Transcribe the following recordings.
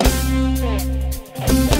Thank you.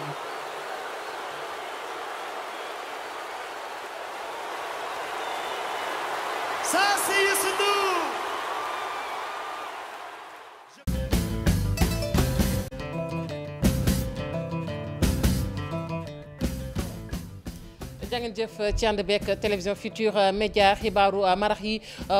Thank you. ngeen jëf ci ànd beeg télévision Futurs Médias xibaaru marax yi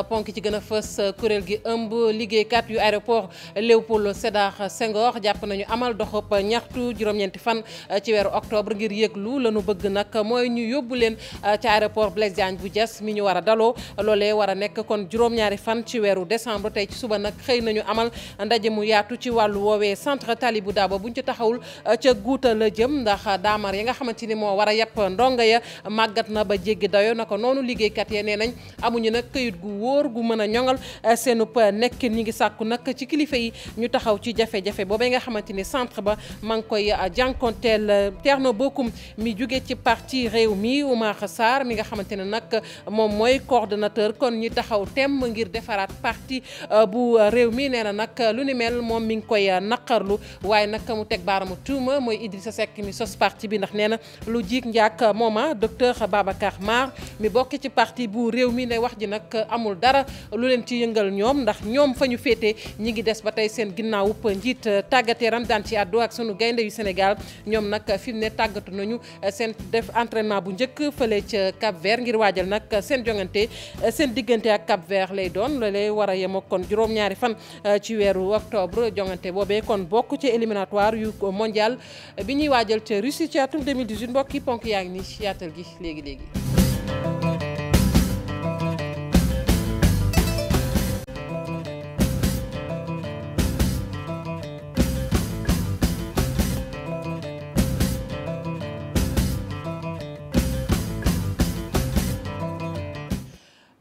ponk ci gën a fës kuréel gi ëmb liggéeykat yu aéroport Léopold Sédar Senghor jàpp nañu amal doxub ñaxtu juróom-ñeenti fan eh, ci weeru octobre ngir yëglu la nu bëgg nag mooy ñu yóbbu leen eh, ci aéroport Blaise bu Diass mi ñu war a daloo loolee war a nekk kon juróom-ñaari fan ci weeru décembre tey ci suba nag xëy nañu amal ndaje mu yaatu ci wàllu woowee centre bu Dabo buñ ci taxawul eh, ca guuta jëm ndax daamar yi a yàpp màggat na ba jéggi dayo naka noonu liggéeykat yee nee nañ amuñu nag këyit gu wóor gu mën a ñoŋal eh, seenub eh, nekkin ñi ngi sàkku nag ci kilifa yi ñu taxaw ci jafe-jafe boobee nga xamante ni centre ba maa ngi koy eh, jànkonteel Thierno Bocoum mi jugee ci parti réew mi Oumar Sarr mi nga xamante ne nag moom mooy coordonnateur kon ñi taxaw temm ngir defaraat parti bu réew mi nee na nag lu ni mel moom mi ngi koy naqarlu waaye nag mu teg baaramu tuuma mooy Idrissa Seck mi docteur Babacar Mar mi bokk ci parti bu réew mi ne wax ji nag amul dara lu leen ci yëngal ñoom ndax ñoom fa ñu féete ñi ngi des ba tey seen ginnaawu njiit tàggat yaram daan ci àddu ak sunu gaynde yu Sénégal ñoom nag fi mu ne tàggatu nañu seen def entraînement bu njëkk fële ca cab Vert ngir waajal nag seen jongante seen diggante ak cab Vert lay doon loolee war a yemoo kon juróom-ñaari fan euh, ci weeru octobre jongante boobee kon bokk ci éliminatoire yu mondial ci atum 2018 mbokk yi ponk yaa ngi nii yaatal léegi léegi.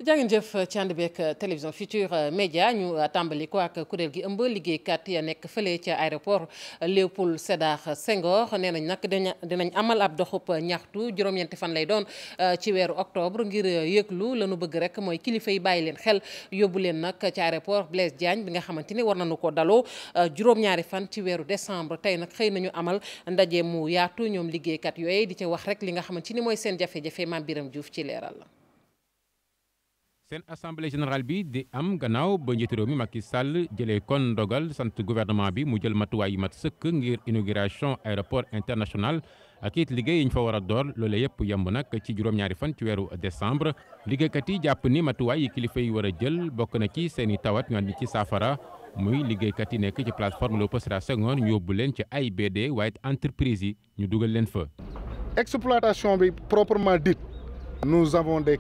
jaa ngeen jëf ci ànd beeg euh, télévision Futur euh, Média ñu euh, tàmbali ko ak kuréel gi ëmb liggéeykat ya nekk fële ca aéroport Léopold Sédar Senghor nee nañ nag dinañ amal ab doxub ñaxtu juróom-ñeenti fan lay doon ci weeru octobre ngir yëglu la nu bëgg rek mooy kilifa yi bàyyi leen xel yóbbu leen nag ci aéroport Blaise Diagne bi nga xamante ni war nañu ko daloo juróom-ñaari fan ci weeru décembre tey nag xëy nañu amal ndaje mu yaatu ñoom liggéeykat yooyu di ca wax rek li nga xamante ni mooy seen jafe-jafe Biram Diouf ci leeral la seen assemblée générale bi di am gannaaw ba njiitu réew mi Macky sàll jëlee kon ndogal sant gouvernement bi mu jël matuwaay yi mat sëkk ngir inauguration aéroport international ak it liggéey yi ñu fa war a door loolee yëpp yemb nag ci juróom-ñaari fan ci weeru décembre liggéeykat yi jàpp ni matuwaay yi kilifa yi war a jël bokk na ci seen i tawat ñu àndi ci saafara muy liggéeykat yi nekk ci plateforme Léopold Sédar Senghor ñu yóbbu leen ci AIBD waaye entreprise yi ñu dugal leen fa. exploitation bi proprement dite. nous avons des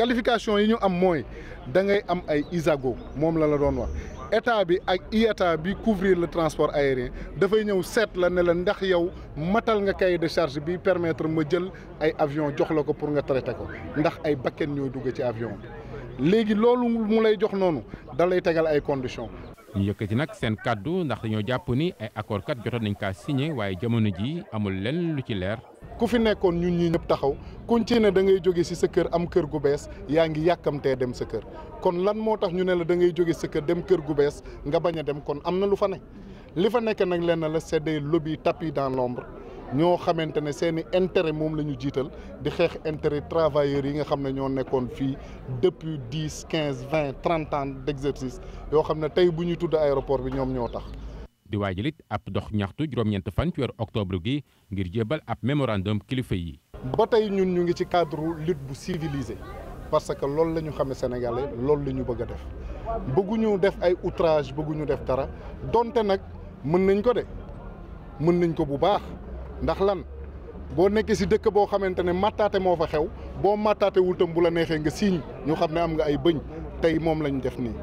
qualification yi ñu am mooy da ngay am ay ISAGO moom la la doon wax état bi ak IATA bi couvrir le transport aérien dafay ñëw seet la ne la ndax yow matal nga cahier charge bi permettre ma jël ay avion jox la ko pour nga traité ko ndax ay bakken ñooy dugg ci avion bi léegi loolu mu lay jox noonu da lay tegal ay conditions ñu yëkkati nag seen kàddu ndax dañoo jàpp ni ay accord kat jotoon nañ kaa signé waaye jamono ji amul leen lu ci leer. ku fi nekkoon ñun ñi ñëpp taxaw kuñ ci ne da ngay jóge si sa kër am kër gu bees yaa ngi yàkkamtee dem sa kër kon lan moo tax ñu ne la da jóge sa kër dem kër gu bees nga bañ a dem kon am na lu fa ne li fa nekk nag lenn la c'est des lobbies tapis dans l'ombre ñoo xamante ne seen i intérêt moom la ñu jiital di xeex intérêt travailleurs yi nga xam ne ñoo nekkoon fii depuis dix quinze vingt trente ans d' yoo xam ne tey bu ñuy tudd aéroport bi ñoom ñoo tax. di waajalit ab dox ñaxtu juróom-ñeent fan ci weeru octobre gi ngir jébal ab mémorandum kilifa yi. ba tey ñun ñu ngi ci cadre lutte bu civilisé parce que loolu la ñu xamee sénégalais loolu la ñu bëgg a def bëgguñu def ay outrage bëgguñu def dara donte nag mën nañ ko de mën nañ ko bu baax. ndax lan boo nekkee si dëkk boo xamante ne mattaate moo fa xew boo mattaatewul tam bu la neexee nga siiñ ñu xam ne am nga ay bëñ tey moom lañ def nii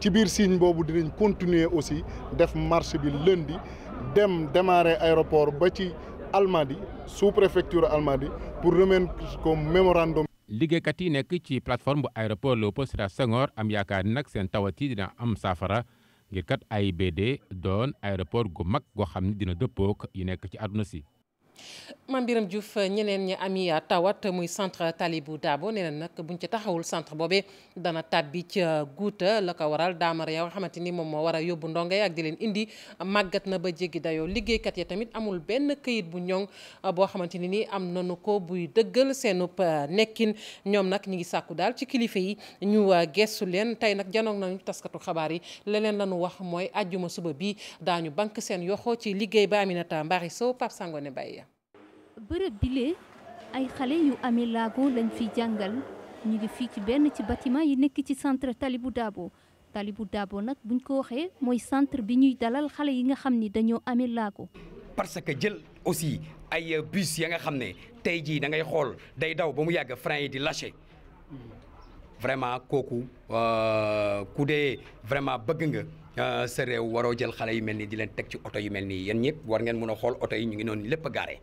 ci biir siiñ boobu dinañ continuer aussi def marche bi lundi dem démarrer aéroport ba ci Almadies sous-préfecture Almadies pour remettre ko mémorandum liggéeykat yi nekk ci plateforme bu aéroport Léopold Sédar Senghor am yaakaar ni nag seen tawat yi dina am saafara ngir kat AIBD doon aéroport gu mag goo xam ne dina dëppook yi nekk ci àdduna si Mame Birame Diouf ñeneen ñi ami tawat muy centre Talibou bu nee na nag buñ ci taxawul centre boobee dana tàbbi ca guuta la ko waral daamara ya nga xamante ni moom moo war a yóbbu ndongo yi ak di leen indi màggat na ba jéggi dayoo liggéeykat ya tamit amul benn këyit bu ñoŋ boo xamante ni ni am nanu ko buy dëggal seenub euh, nekkin ñoom nag ñi ngi sàkku daal ci kilifa yi ñu euh, gestu leen tey nag janoog nañu taskatu xabaar yi leneen lañu wax mooy àjjuma suba bi ñu bank seen yoxoo ci liggéey ba Aminata Mbaari Sow Pape Sangone bërëb bile ay xale yu amee laago lañ fi jàngal ñu ngi fii ci benn ci bâtiment yi nekk ci centre Talibou Dabo Talibou Dabo nag bu buñ ko waxee mooy centre bi ñuy dalal xale yi nga xam ni dañoo amee laago. parce que jël aussi ay bus ya nga xam ne tey jii da ngay xool day daw ba mu yàgg frein yi di lâché vraiment kooku euh, ku dee vraiment bëgg nga. Euh, sa réew waroo jël xale yu mel nii di leen teg ci oto yu mel nii yéen ñëpp war ngeen mën a xool oto yi ñu ngi noonu lépp gaare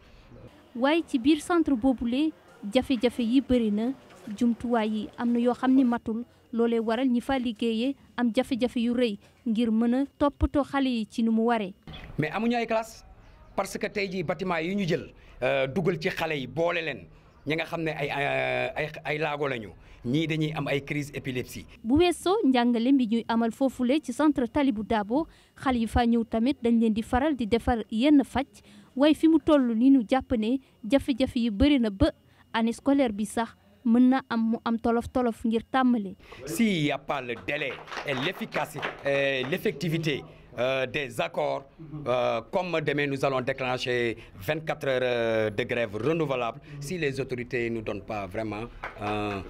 waaye ci biir centre boobule jafe-jafe yi bëri na jumtuwaay yi am na yoo xam ne matul loolee waral ñi fa liggéeyee am jafe-jafe yu rëy ngir mën a toppatoo xale yi ci nu mu waree. mais amuñu ay classe parce que tey jii bâtiment yi ñu jël euh, dugal ci xale yi boole leen ñi nga xam ne ay euh, ay ay laago lañu ñii dañuy am ay crise épilepsie. bu weesoo njàngale bi ñuy amal foofu lee ci centre Talibou Dabo xale yi fa ñëw tamit dañ leen di faral di defar yenn faj. waaye fi mu toll ni nu jàpp ne jafe-jafe yi bëri na ba année scolaire bi sax mën na am mu am tolof-tolof ngir tàmbali. s'il y a pas le délai et l'efficacité euh, et euh, des accords euh, comme demain nous allons déclencher 24 heures euh, de grève renouvelable si les autorités nous donnent pas vraiment euh,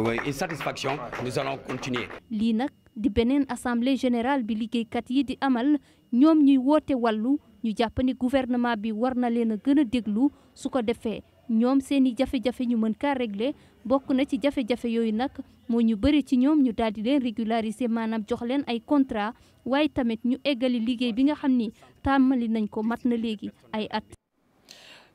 oui, une satisfaction nous allons continuer lii nag di beneen assemblée générale bi liggéeykat yi di amal ñoom ñuy woote wallu ñu jàppandi ni bi war na leen a gën a déglu su ko defee ñoom seen i jafe-jafe ñu mën kaa régler bokk na ci jafe-jafe yooyu nag moo ñu bëri ci ñoom ñu daal di leen régulariser maanaam jox leen ay contrat waaye tamit ñu eggali liggéey bi nga xam ni tàmmali nañ ko mat na léegi ay at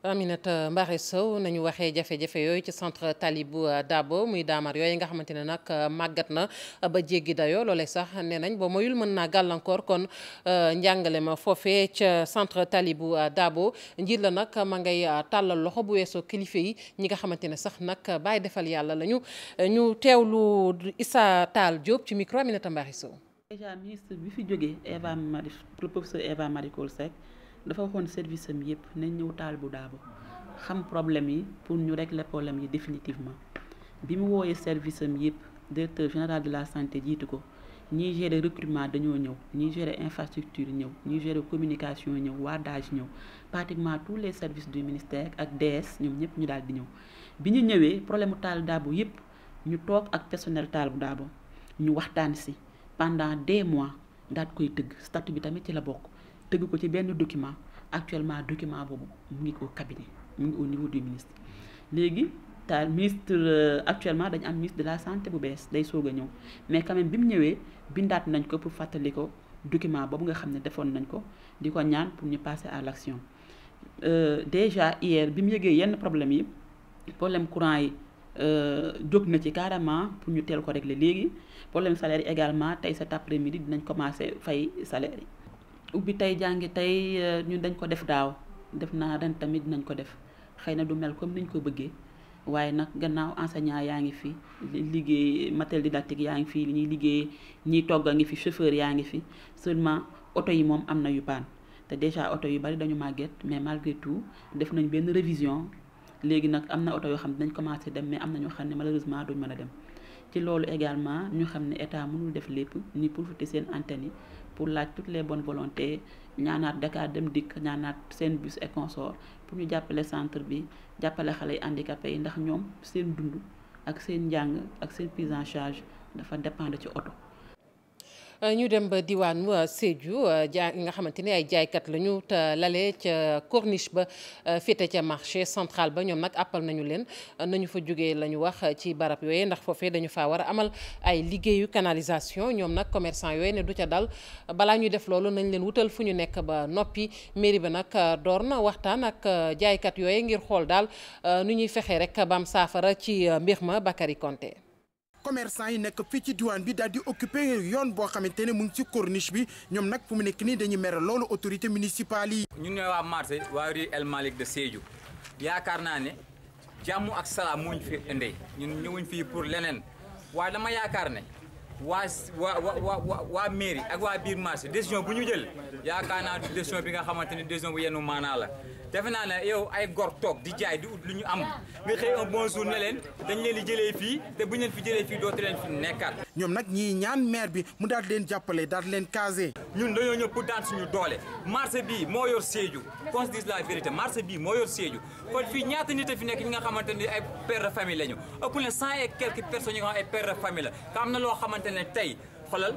Aminata Mbaare Sow nañu waxee jafe-jafe yooyu ci centre Talibou Dabo muy daamar yooyu nga xamante ne nag euh, màggat na euh, ba jéggi dayoo loolee sax nee nañ boo mayul mën naa gàllankoor kon euh, njàngale ma foofee ca centre bu Dabo njiit la nag ma ngay tàllal loxo bu weesoo kilifa yi ñi nga xamante ne sax nag bàyyi defal yàlla lañu ñu teewlu Issa Tall Diop ci micro Aminata Mbaare Sow. déjà ministre dafa waxoon service am yëpp nañ ñëw taal bu daabo xam problème yi pour ñu régler problème yi définitivement bi mu wooyee service am yëpp directeur général de la santé jiitu ko ñuy gérer recrutement dañoo ñëw ñiy gérer infrastructure ñëw ñuy gérer communication ñëw wardage ñëw pratiquement tous les services du ministère ak DS ñoom ñëpp ñu daal di ñëw bi ñu ñëwee problème mu taal daabo yëpp ñu toog ak personnel taal bu daabo ñu waxtaan si pendant des mois daat koy tëgg statut bi tamit ci la bokk tëgg ko ci benn document actuellement document boobu mu ngi koo cabinet mu ngi au niveau du ministre léegi taal ministre euh, actuellement dañ am ministre de la santé bu bees day soog a ñëw mais quand bi mu ñëwee bindaat nañ ko pour fàttali ko document boobu nga xam ne defoon nañ ko di ko ñaan pour ñu passer à l'action euh, déjà hier bi mu yëgee yenn problème yi problème courant yi euh, jóg na ci carrément pour ñu teel ko régler léegi problème salaire également tey cet après-midi dinañ commencer fay salaire yi ubbi tey jàngi tey euh, ñu dañ ko def daaw def naa ren tamit dinañ ko def xëy na du mel comme ni ñu ko bëggee waaye nag gannaaw enseignant yaa ngi fi liggéey matériel didactique yaa ngi fi li ñuy liggéey ñiy togg a ngi fi chauffeur yaa ngi fi seulement oto yi moom am na yu paan te déjà oto yu bari dañu màgget mais malgré tout def nañ benn révision léegi nag am na oto yoo xam ne dañ commencé dem mais am na ñoo xam ne malheureusement duñ mën a dem ci loolu également ñu xam ne état mënul def lépp ni pour futti seen antenne yi pour laaj toutes les bonnes volontés ñaanaat Dakar dem dikk ñaanaat seen bus et consort pour ñu jàppale centre bi jàppale xale yi handicapé yi ndax ñoom seen dund ak seen njàng ak seen prise en charge dafa dépendre ci oto ñu dem ba diwaanu Sédhiou euh, jaay nga xamante ni ay jaaykat la ñu te lale ca corniche ba euh, féete ca marché centrale ba ñoom nag àppal nañu leen euh, nañu fa jógee la ñu wax ci barab yooyu ndax foofee dañu faa war a amal ay liggéeyu canalisation ñoom nag commercant yooyu ne du ca dal balaa ñuy def loolu nañ leen wutal fu ñu nekk ba noppi mairie ba nag door na waxtaan ak jaaykat yooyu ngir xool daal ni ñuy fexe rek bam saafara ci mbir ma Bakary Konté commerçant yi nekk fii ci diwaan bi daal di occupé yoon boo xamante ne mu ngi ci corniche bi ñoom nag fu mu nekk nii dañuy mere loolu autorité municipale yi. ñun ñooy waa marché waa rue El Malick de Sédhiou yaakaar naa ne jàmm ak salaa moo ñu fi indee ñu ñëwuñ fii pour leneen waa dama yaakaar ne. waa waa waa waa mairie ak waa biir marché décision bu ñu jël yaakaar naa décision bi nga xamante ne décision bu yenu maanaa la defe naa ne yow ay gor toog di jaay di ut lu ñu am nga xëy un bon ne leen dañ leen di jëlee fii te bu ñu fi jëlee fii dootu leen fi nekkaat. ñoom nag ñii ñaan maire bi mu daal di leen jàppale daal di leen casé. ñun dañoo ñëpp daan suñu doole marché bii moo yor Sédhiou qu'on se dise la vérité marché moo yor Sédhiou kon fii ñaata nit a fi nekk ñi nga xamante ne ay père de famille lañu ëpp na cent et quelques personnes yi ay père de famille la am na loo xamante ne tey xoolal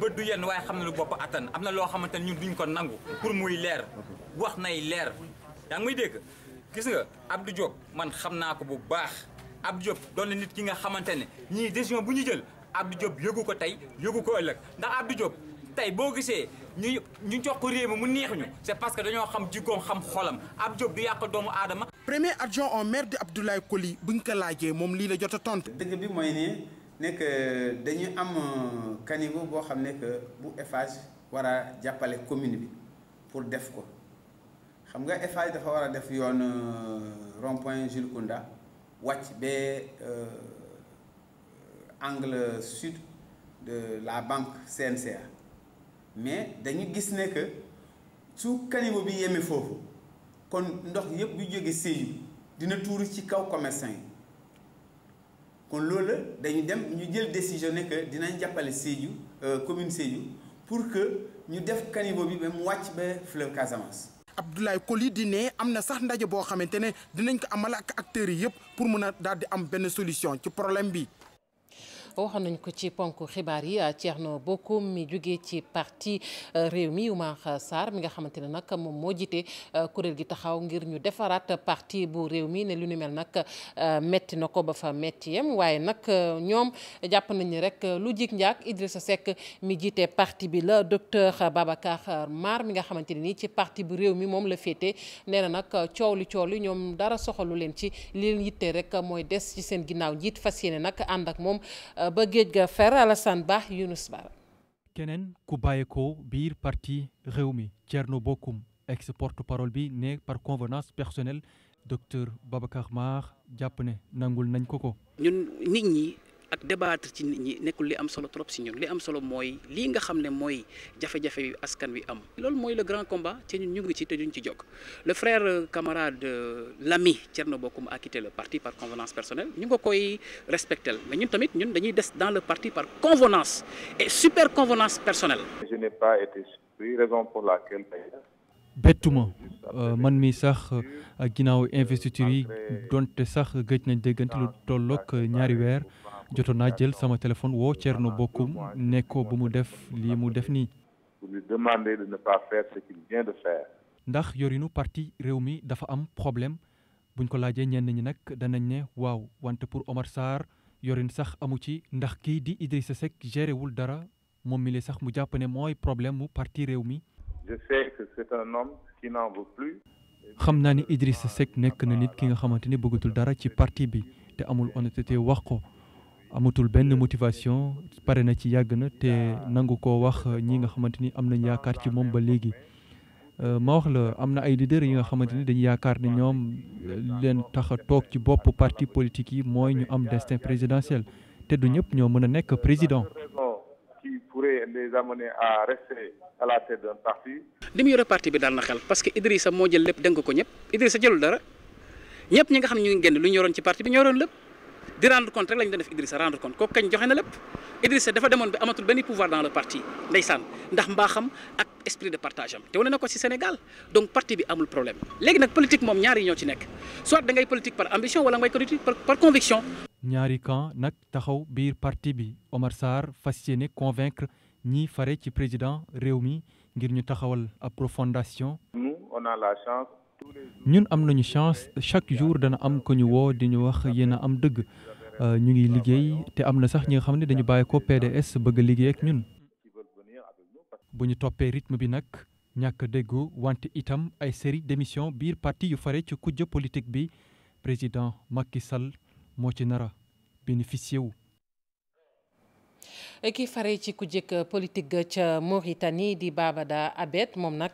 bët du yenn waaye xam na lu bopp attan am na loo xamante ne ñun duñ ko nangu pour muy leer wax nay leer yaa ngi may dégg gis nga Abdou man xam naa ko bu baax Abdou Diop doon na nit ki nga xamante ne ñii décision bu ñu jël Abdou Diop yëgu ko tey yëgu ko ëllëg ndax Abdou Diop tey boo gisee ñu ñu jox ko réew mi mu neex ñu c'est parce que dañoo xam jikkoom xam xolam Abdou Diop du yàq doomu aadama. premier adjoint au maire di Abdoulaye bu buñ ko laajee moom lii la jot a tontu. dëgg bi mooy nii nekk dañu am euh, caniveau boo xam ne bu Eiffage war a jàppale commune bi pour def ko. xam nga Eiffage dafa war a def yoon euh, rond-point Jules Kounda wàcc ba euh, angle sud de la banque CNCA mais dañu gis ne que su caniveau bi yemee foofu kon ndox yëpp bu jóge Sédhiou dina tuuru ci kaw commerçant yi kon loolu la dañu dem ñu jël décision ne dinañ jàppale Sédhiou euh, commune Sédhiou pour que ñu def caniveau bi ba mu wàcc ba fleuve Casamance. Abdoulaye Coly di ne am na sax ndaje boo xamante ne dinañ ko amal ak acteurs yi yëpp pour mun a daal di am benn solution ci problème bi. ko waxoon nañu ko ci ponk xibaar yi ceex Thierno Bocoum mi jugee ci parti euh, réew mi Oumar Sarr mi nga xamante ne nag moom moo jiitee euh, kuréel gi taxaw ngir ñu defaraat parti bu réew mi ne lu nu mel nag euh, metti na ko ba fa metti yam waaye nag ñoom jàpp nañ ni rek lu jik njaak sa Seck mi jiitee parti bi la docteur Babacar Mar mi nga xamante ne nii ci parti bu réew mi moom la féete nee na nag coow li coow li ñoom dara soxalu leen ci li leen yitte rek mooy des ci seen ginnaaw njiit fas yéene nag ànd ak ba géej ga fer Alassane Ba Younous Ba. keneen ku ko biir parti réew mi Thierno bokkum ex porte-parole bi ne par convenance personnelle docteur Babacar Mar jàpp ne nangul nañ ko ko. nit ñi ak débattre ci ñi nekkul li am solo trop si ñun li am solo mooy lii nga xam ne mooy jafe-jafe yu askan wi am loolu mooy le grand combat ci ñun ñu ngi ci te duñ ci jóg le frère euh, camarade euh, l'ami Thierno Bocoum a quitté la partie par convenance personnelle ñu nga koy respectel mais ñun tamit ñun dañuy des dans le parti par convenance et super convenance personnelle. bettuma euh, man mi sax ginnaaw investiture yi donte sax gëj nañ déggante lu tollook ñaari weer. jotoon naa jël sama téléphone woo Thierno Bocoum bokk nekkoo bu mu def lii mu def nii. pour ndax yorinu parti réew mi dafa am problème buñ ko laajee ñenn ñi nag danañ ne waaw wante pour Omar Sarr yorin sax amu ci ndax kii di Idrissa sa géré gerewul dara moom mi sax mu jàpp ne mooy problème mu parti réew mi. je xam naa ni Idrissa Seck nekk na nit ki nga xamante ni bëggatul dara ci parti bi te amul honnêteté wax ko. amatul benn euh, motivation pare na ci yàgg na te euh, nangu ko wax euh, ñi nga xamante ni am nañ yaakaar ci moom ba léegi ma wax la am na ay leader yi nga xamante ni dañu yaakaar ne ñoom leen tax a toog ci bopp parti politique yi mooy ñu am destin présidentiel te du ñëpp ñoo mën a nekk président qui pourrait les amener à rester à la tête d'un parti. li mu yore parti bi daal na xel parce que Idrissa moo jël lépp dénk ko ñëpp Idrissa jëlul dara ñëpp ñi nga xam ñu ngi génn lu ñu ci parti bi ñoo lépp di rendre compte rek lañu doon def Idrissa rendre compte kooku kañ joxe na lépp Idrissa dafa demoon bi amatul benn pouvoir dans le parti ndeysaan ndax mbaaxam ak esprit de partage am te wane na ko ci Sénégal donc parti bi amul problème léegi nag politique moom ñaar yi ñoo ci nekk soit da ngay politique par ambition wala ngay conviction. ñaari camp nag taxaw biir parti bi Omar Sarr fas yéene convaincre ñi fare ci président réew mi ngir ñu taxawal approfondation. a ñun am nañu chance chaque jour dana am ko ñu woo di ñu wax yéen a am dëgg. Euh, ñu ngi liggéey te am na sax ñi nga xam ne dañu bàyyi ko PDS bëgg a liggéey ak ñun bu ñu toppee rythme bi nag ñàkk déggoo wante itam ay série d'émission biir partie yu fare ci kujje politique bi président Macky Sall moo ci nara bénéficié wu ki fare ci ku jëkk politique ca Mauritanie di da abet moom nag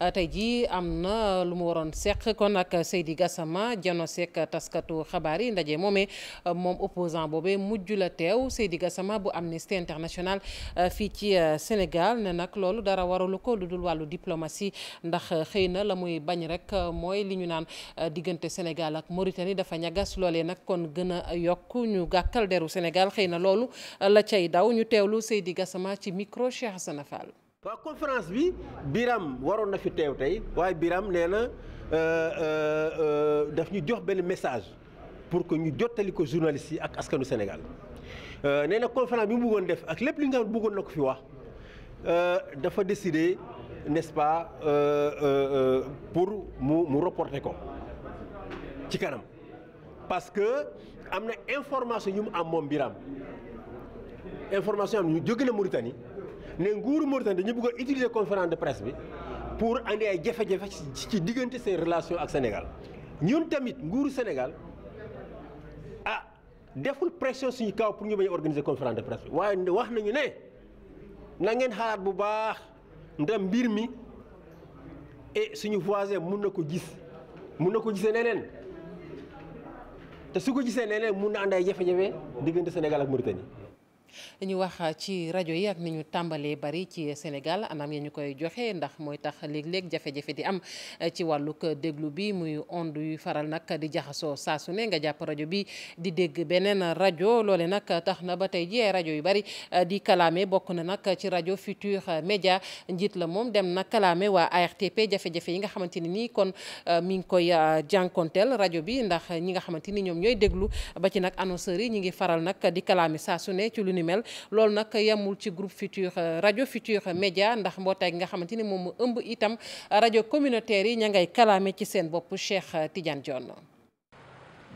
euh, tey jii am na lu mu waroon seq kon ak Seydi Gassama jano seq taskatu xabaar yi ndaje moomee euh, moom opposant boobee mujj la teew Seydi Gassama bu Amnesty International euh, fii ci Sénégal ne nag loolu dara waralu ko lu dul wàllu diplomatie ndax xëy na la muy bañ rek mooy li ñu naan diggante Sénégal ak Mauritanie dafa ñagas loolee nag kon gën a yokk ñu gàkkal deru Sénégal xëy na loolu la cay teew teewlu Seydi Gassama ci micro Cheikh Hassana Fall. waaw conférence bi Biram waroon na fi teew tey waaye Biram nee na euh, euh, euh, daf ñu jox benn message pour que ñu jottali ko journaliste yi ak askanu Sénégal nee na conférence bi mu bëggoon def ak lépp li nga xam bëggoon na ko fi wax dafa décidé n'est-ce pas pour mu mu reporté ko ci kanam parce que am na information yu mu am moom Biram information am ñu jóge na Mauritanie ne nguuru Mauritanie dañu bëgg utiliser conférence de presse bi pour andi ay jafe-jafe ci diggante seen relation ak Sénégal ñun tamit nguuru Sénégal ah deful pression suñu kaw pour ñu bañ a organiser conférence de presse bi waaye wax nañu ne na ngeen xalaat bu baax ndam mbir mi et suñu voisin mun na ko gis mun na ko gisee neneen te su ko gisee neneen mun na ànd ay jafe-jafe diggante Sénégal ak Mauritanie. ñu wax ci rajo yi ak ni ñu tàmbalee bari ci Sénégal anam ya ñu koy joxe ndax mooy tax léeg-léeg jafe-jafe di am eh, ci wàllug déglu bi muy onde yu faral nag di jaxasoo saa su ne nga jàpp rajo bi di dégg beneen rajo loole nag tax na ba tey ji rajo yu bari eh, di kalaame bokk na nag ci rajo Futur Média njiit la moom dem na kalaame waa ARTP jafe-jafe yi nga xamante ni nii kon eh, mu ngi koy jànkonteel rajo bi ndax ñi nga xamante ni ñoom ñooy déglu ba ci nag annonceurs yi ngi faral nag di kalaame saa ne ci lu ni mel loolu nag yemul ci groupe Futur euh, rajo Futur Média ndax mbootaay gi nga xamante ni moom mu ëmb itam rajo communautaire yi ña ngay kalaame ci seen bopp Cheikh Tidiane Dione.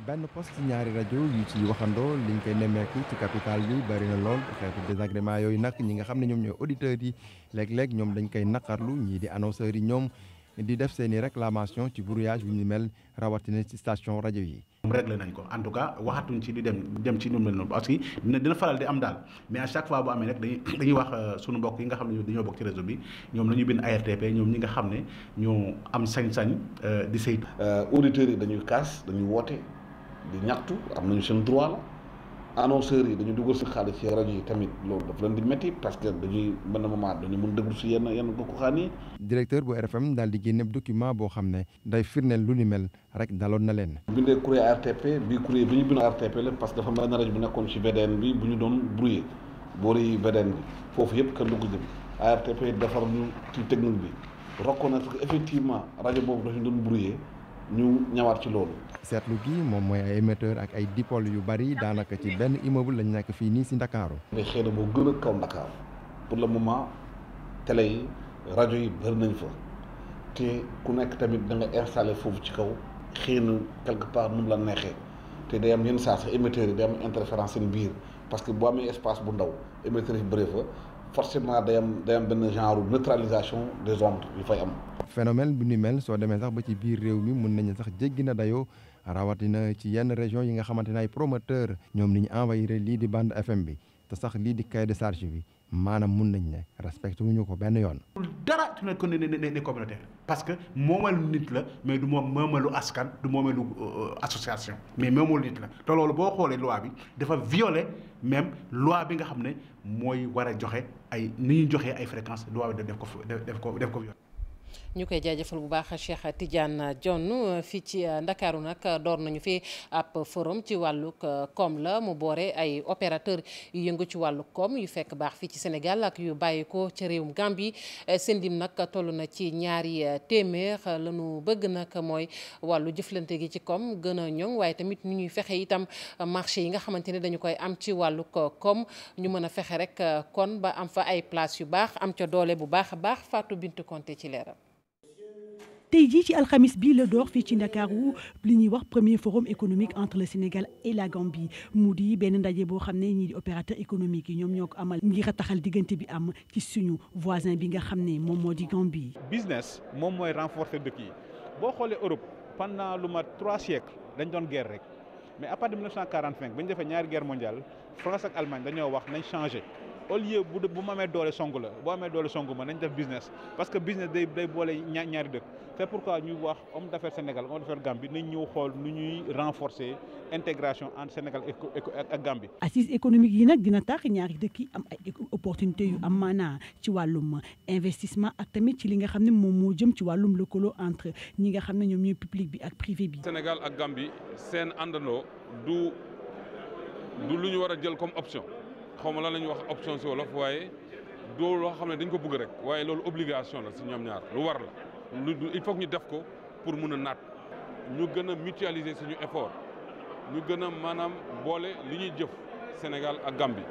benn poste ñaari rajo yu ci waxandoo liñ koy nemmeeku ci capital bi bari na lool xeetu désagrément yooyu nag ñi nga xam ne ñoom ñooy auditeurs yi léeg-léeg ñoom dañ koy naqarlu ñii di annonceurs yi ñoom. di def seeni i réclamation ci brouillage bi ñu mel rawatina ci station rajo yi. moom nañ ko en tout cas waxatuñ ci di dem dem ci ñu mel noonu parce que faral di am daal mais à chaque fois bu amee rek dañuy dañuy wax euh, yi nga xam ne dañoo bokk ci réseau bi ñoom la ñu bind ARTP ñoom ñi nga xam ne ñoo am sañ-sañ euh, di saytu. Euh, auditeurs yi dañuy kaas dañuy woote di ñaxtu am nañu seen droit la. annonceurs yi dañu dugal si xaalis ci rajo yi tamit loolu daf leen di métti parce que dañuy mën a moment dañu mën déglu si yenn yenn goxu xaan yi. directeur bu RFM daal di génne document boo xam ne day firndeel lu ni mel rek daloon na leen. bindee courrier RTP bii courrier bi ñu bind RTP la parce que dafa mel ne rajo bu nekkoon ci VDN bi bu ñu doon boo boori VDN bi foofu yëpp kenn du ko jëm ARTP defar ñu ci technique bi reconnaître que effectivement rajo boobu dafa ñu doon brouillé. ñu ñawaat ci loolu. seetlu gi moom mooy ay émetteur ak ay dipôle yu bari daanaka ci benn immeuble lañ nekk fii nii si Ndakaaru. mais xëy na boo gën a kaw Ndakaaru pour le moment télé yi rajo yi bëri nañ fa te ku nekk tamit da nga installé foofu ci kaw xëy na quelque part nu mu la neexee te day am yenn saa sax émetteur yi day am interférence seen biir parce que boo amee espace bu ndaw émetteur yi bëree fa. forcément day am day am benn genre neutralisation des ombres yu fay am. phénomène bu ni mel soo demee sax ba ci biir réew mi mun nañu sax jéggi na dayoo rawatina ci yenn région yi nga xamante ne ay promoteur ñoom ni ñu envoyé lii di band FM bi te sax lii di cahier de charge bi. maanaam mun nañ ne respecté wuñu ko benn yoon. dara ci nekk ne ne ne communautaire parce que moomal nit la mais du moom moomalu askan du lu euh, association mais moomalu nit la te loolu boo xoolee loi bi dafa violer même loi bi nga xam ne mooy war a joxe ay ni ñuy joxe ay fréquences loi bi def ko def ko def ko. ñu koy jaajëfal bu baax a Cheikh Tidiane Dione fii ci Ndakaaru nag door nañu fi ab forum ci wàllu euh, koom la mu boore ay opérateur yu yëngu ci wàllu koom yu fekk baax fii ci Sénégal ak yu bàyyi ko ca réewum Gambie euh, seen lim nag toll na ci ñaari euh, téeméer la ñu bëgg nag mooy wàllu jëflante gi ci koom gën a ñoŋ waaye tamit ni ñuy fexe itam marché yi nga xamante ne dañu koy am ci wàllu koom ñu mën a fexe rek kon ba am fa ay place yu baax am ca doole bu baax a baax Fatou Bintou Konté ci leeral. tey jii ci alxamis bi la door fii ci Ndakaaru li ñuy wax premier forum économique entre le Sénégal et la Gambie mu di benn ndaje boo xam ne ñii di opérateur économique yi ñoom ñoo ko amal ngir a taxal diggante bi am ci suñu voisin bi nga xam ne moom moo di Gambie. business moom mooy renforcer dëkk yi boo xoolee Europe pendant lu mat trois siècles dañ doon guerre rek mais à partir de 1945 ba ñu defee ñaari guerre mondiale France ak Allemagne dañoo wax nañ changé. au lieu bu bu amee doole song la boo amee doole song ma nañ def business parce que business day day boole ñaar ñaari dëkk c'est pourquoi ñuy wax homme d'affaires Sénégal homme d'affaires Gambie nañ ñëw xool nu ñuy renforcer intégration entre Sénégal ak Gambie. assise économique yi nag dina tax ñaari dëkk yi am ay opportunité yu am maanaa ci wàllum investissement ak tamit ci li nga xam ne moom moo jëm ci wàllum lëkkaloo entre ñi nga xam ne ñoom ñooy public bi ak privé bi. Sénégal ak Gambie seen àndandoo du lu ñu war a jël comme option. xaw ma lan la ñuy wax option wolof waaye doo loo xam ne dañ ko bëgg rek waaye la si ñoom lu war lu il faut ñu def ko pour mun a naat ñu gën a mutualiser suñu effort ñu gën a maanaam boole li ñuy jëf Sénégal ak Gambie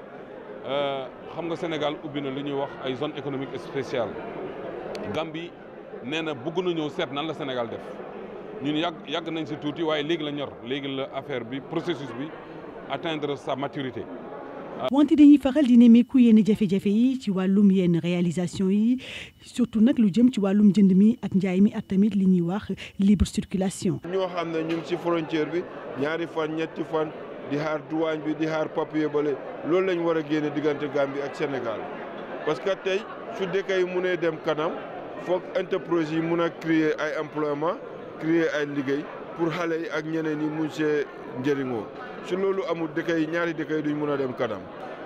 euh, xam nga Sénégal ubbi na lu ñuy wax ay zone économique spéciale Gambie nee na bëgg na ñëw seet nan la Sénégal def ñun yàgg yàgg nañ si tuuti waaye léegi la ñor léegi la affaire bi processus bi atteindre sa maturité wante dañuy faral di nemmeeku yenn jafe-jafe yi ci wàllum yenn réalisation yi surtout nag lu jëm ci wàllum jënd mi ak njaay mi ak li ñuy wax libre circulation. ñoo xam ne ñu ngi ci frontière bi ñaari fan ñetti fan di xaar douane bi di xaar papier bale loolu lañ war a génne diggante bi ak Sénégal parce que tey su dëkk yi munee dem kanam foog entreprise yi mun a créer ay employement créer ay liggéey pour xale yi ak ñeneen yi mun see njëriñoo. su loolu amul dëkk yi ñaari dëkk yi duñ mun a dem kanam.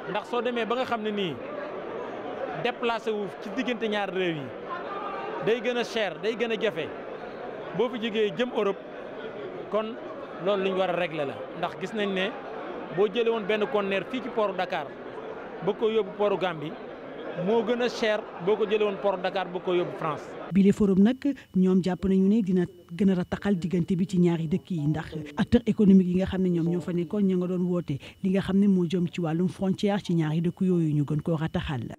ndax soo demee ba nga xam ne nii déplacé wu ci diggante ñaari réew yi day gën a cher day gën a jafe boo fi jógee jëm Europe kon loolu lu ñu war a régler la ndax gis nañ ne boo jëlee woon benn conteneur fii ci pooru Dakar ba ko yóbbu port Gambie moo gën a cher boo ko jëlee woon port Dakar boo ko yóbbu France. bile forum nag ñoom jàpp nañu ne dina gën a rataxal diggante bi ci ñaari dëkk yi ndax acteurs économiques yi nga xam ne ñoom ñoo fa nekkoon ña nga doon woote li nga xam ne moo jëm ci wàllum frontière ci ñaari dëkk yooyu ñu gën koo la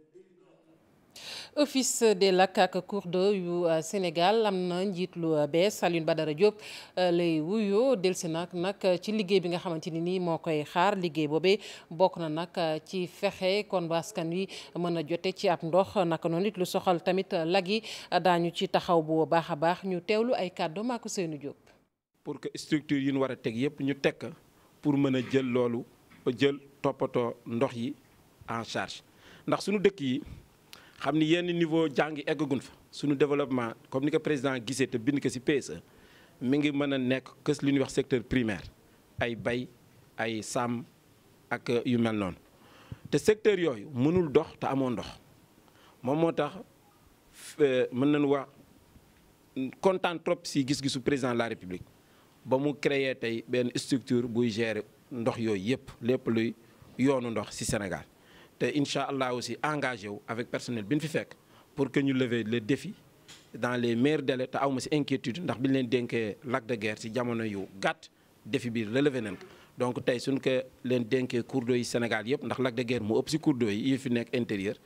office de lacs ak cours d'eau yu euh, Sénégal am na njiit lu euh, bees Alioune Badara Diop euh, lay wuyoo delsi nag nag ci liggéey bi nga xamante ni nii moo koy xaar liggéey boobee bokk na nag ci fexe kon askan wi mën a jote ci ab ndox naka noonu it lu soxal tamit lag yi daañu ci taxaw bu baax a baax ñu teewlu ay kàddu maako seenu Diop. pour que structure yu nu war a teg yëpp ñu teg pour mën a jël loolu jël toppatoo ndox yi en charge ndax suñu dëkk yi. xam ni yenn niveau jàng eggagun fa suñu développement comme ni ko président gisee te bind ko ci PSE mi ngi mën a nekk kës li ñuy wax secteur primaire ay bay ay sàmm ak yu mel noonu te secteur yooyu mënul dox te amoon ndox moom moo tax euh, mën nañu wax kontaan trop ci gis-gisu président la république ba mu créer tey benn structure buy gérer ndox yooyu yépp lépp luy yoonu ndox ci Sénégal te incha allah aussi engagé wu avec personnel bi ñu fi fekk pour que ñu lever le defi dans les meilleurs délais te aw ma si inquiétude ndax bi leen denkee lac de guerre si jamono yu gàtt défi bi relevé nañ ko. donc tey suñ ko leen denkee cours d'eau yi Sénégal yëpp ndax lac de guerre mu ëpp si cours d'eau yi yi fi nekk intérieur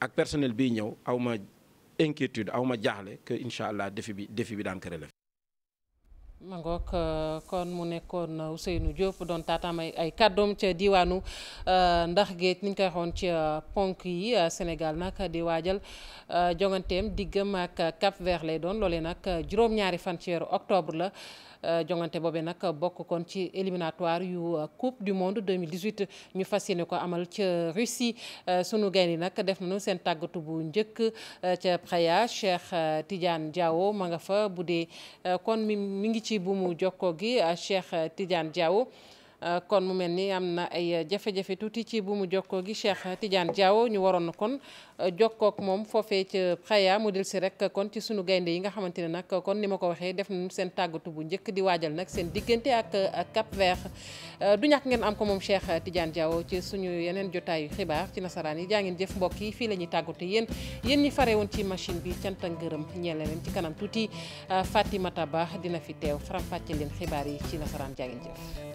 ak personnel biy ñëw aw ma inquiétude aw ma jaaxle que incha allah défi bi défi bi daan ko relevé. mangook ngoog euh, kon mu nekkoon euh, Ousseynou Diop doon taataam ay ay kàddoom ca diwaanu euh, ndax géej ni ñu koy waxoon ci ponk yi Sénégal nag di waajal jonganteem diggam ak Cap Vert lay doon loole nag juróom-ñaari fan ci octobre la. Euh, jongante boobe nag bokk kon ci éliminatoire yu euh, coupe du monde 2018 ñu fas yéene ko amal ca Russie euh, sunu gaynde nag def nañu seen tàggatu bu njëkk ca Praia Cheikh Tidiane Diawo ma nga fa bu dee kon mi mi ngi ci buumu jokkoo gi Cheikh Tidiane Diawo. Euh, kon mu mel ni am na ay jafe-jafe tuuti ci bu mu jokkoo gi Cheikh Tidiane Diawo ñu waroon kon euh, jokkook moom foofee ca Praia mu del si rek kon ci suñu gaynde yi nga xamante ne nag kon ni ma ko waxee def seen tàggatu bu njëkk di waajal nag seen diggante ak Cap Vert euh, du ñàkk ngeen am ko moom Cheikh Tidiane Diawo ci suñu yeneen jotaayu xibaar ci nasaraan yi jaa ngeen jëf mbokk yi fii la ñuy tàggatu yéen yéen ñi fare woon ci machine bi cant ak ngërëm ñeel leen ci kanam tuuti Fatimata Ba dina fi teew faram leen xibaar yi ci nasaraan jaa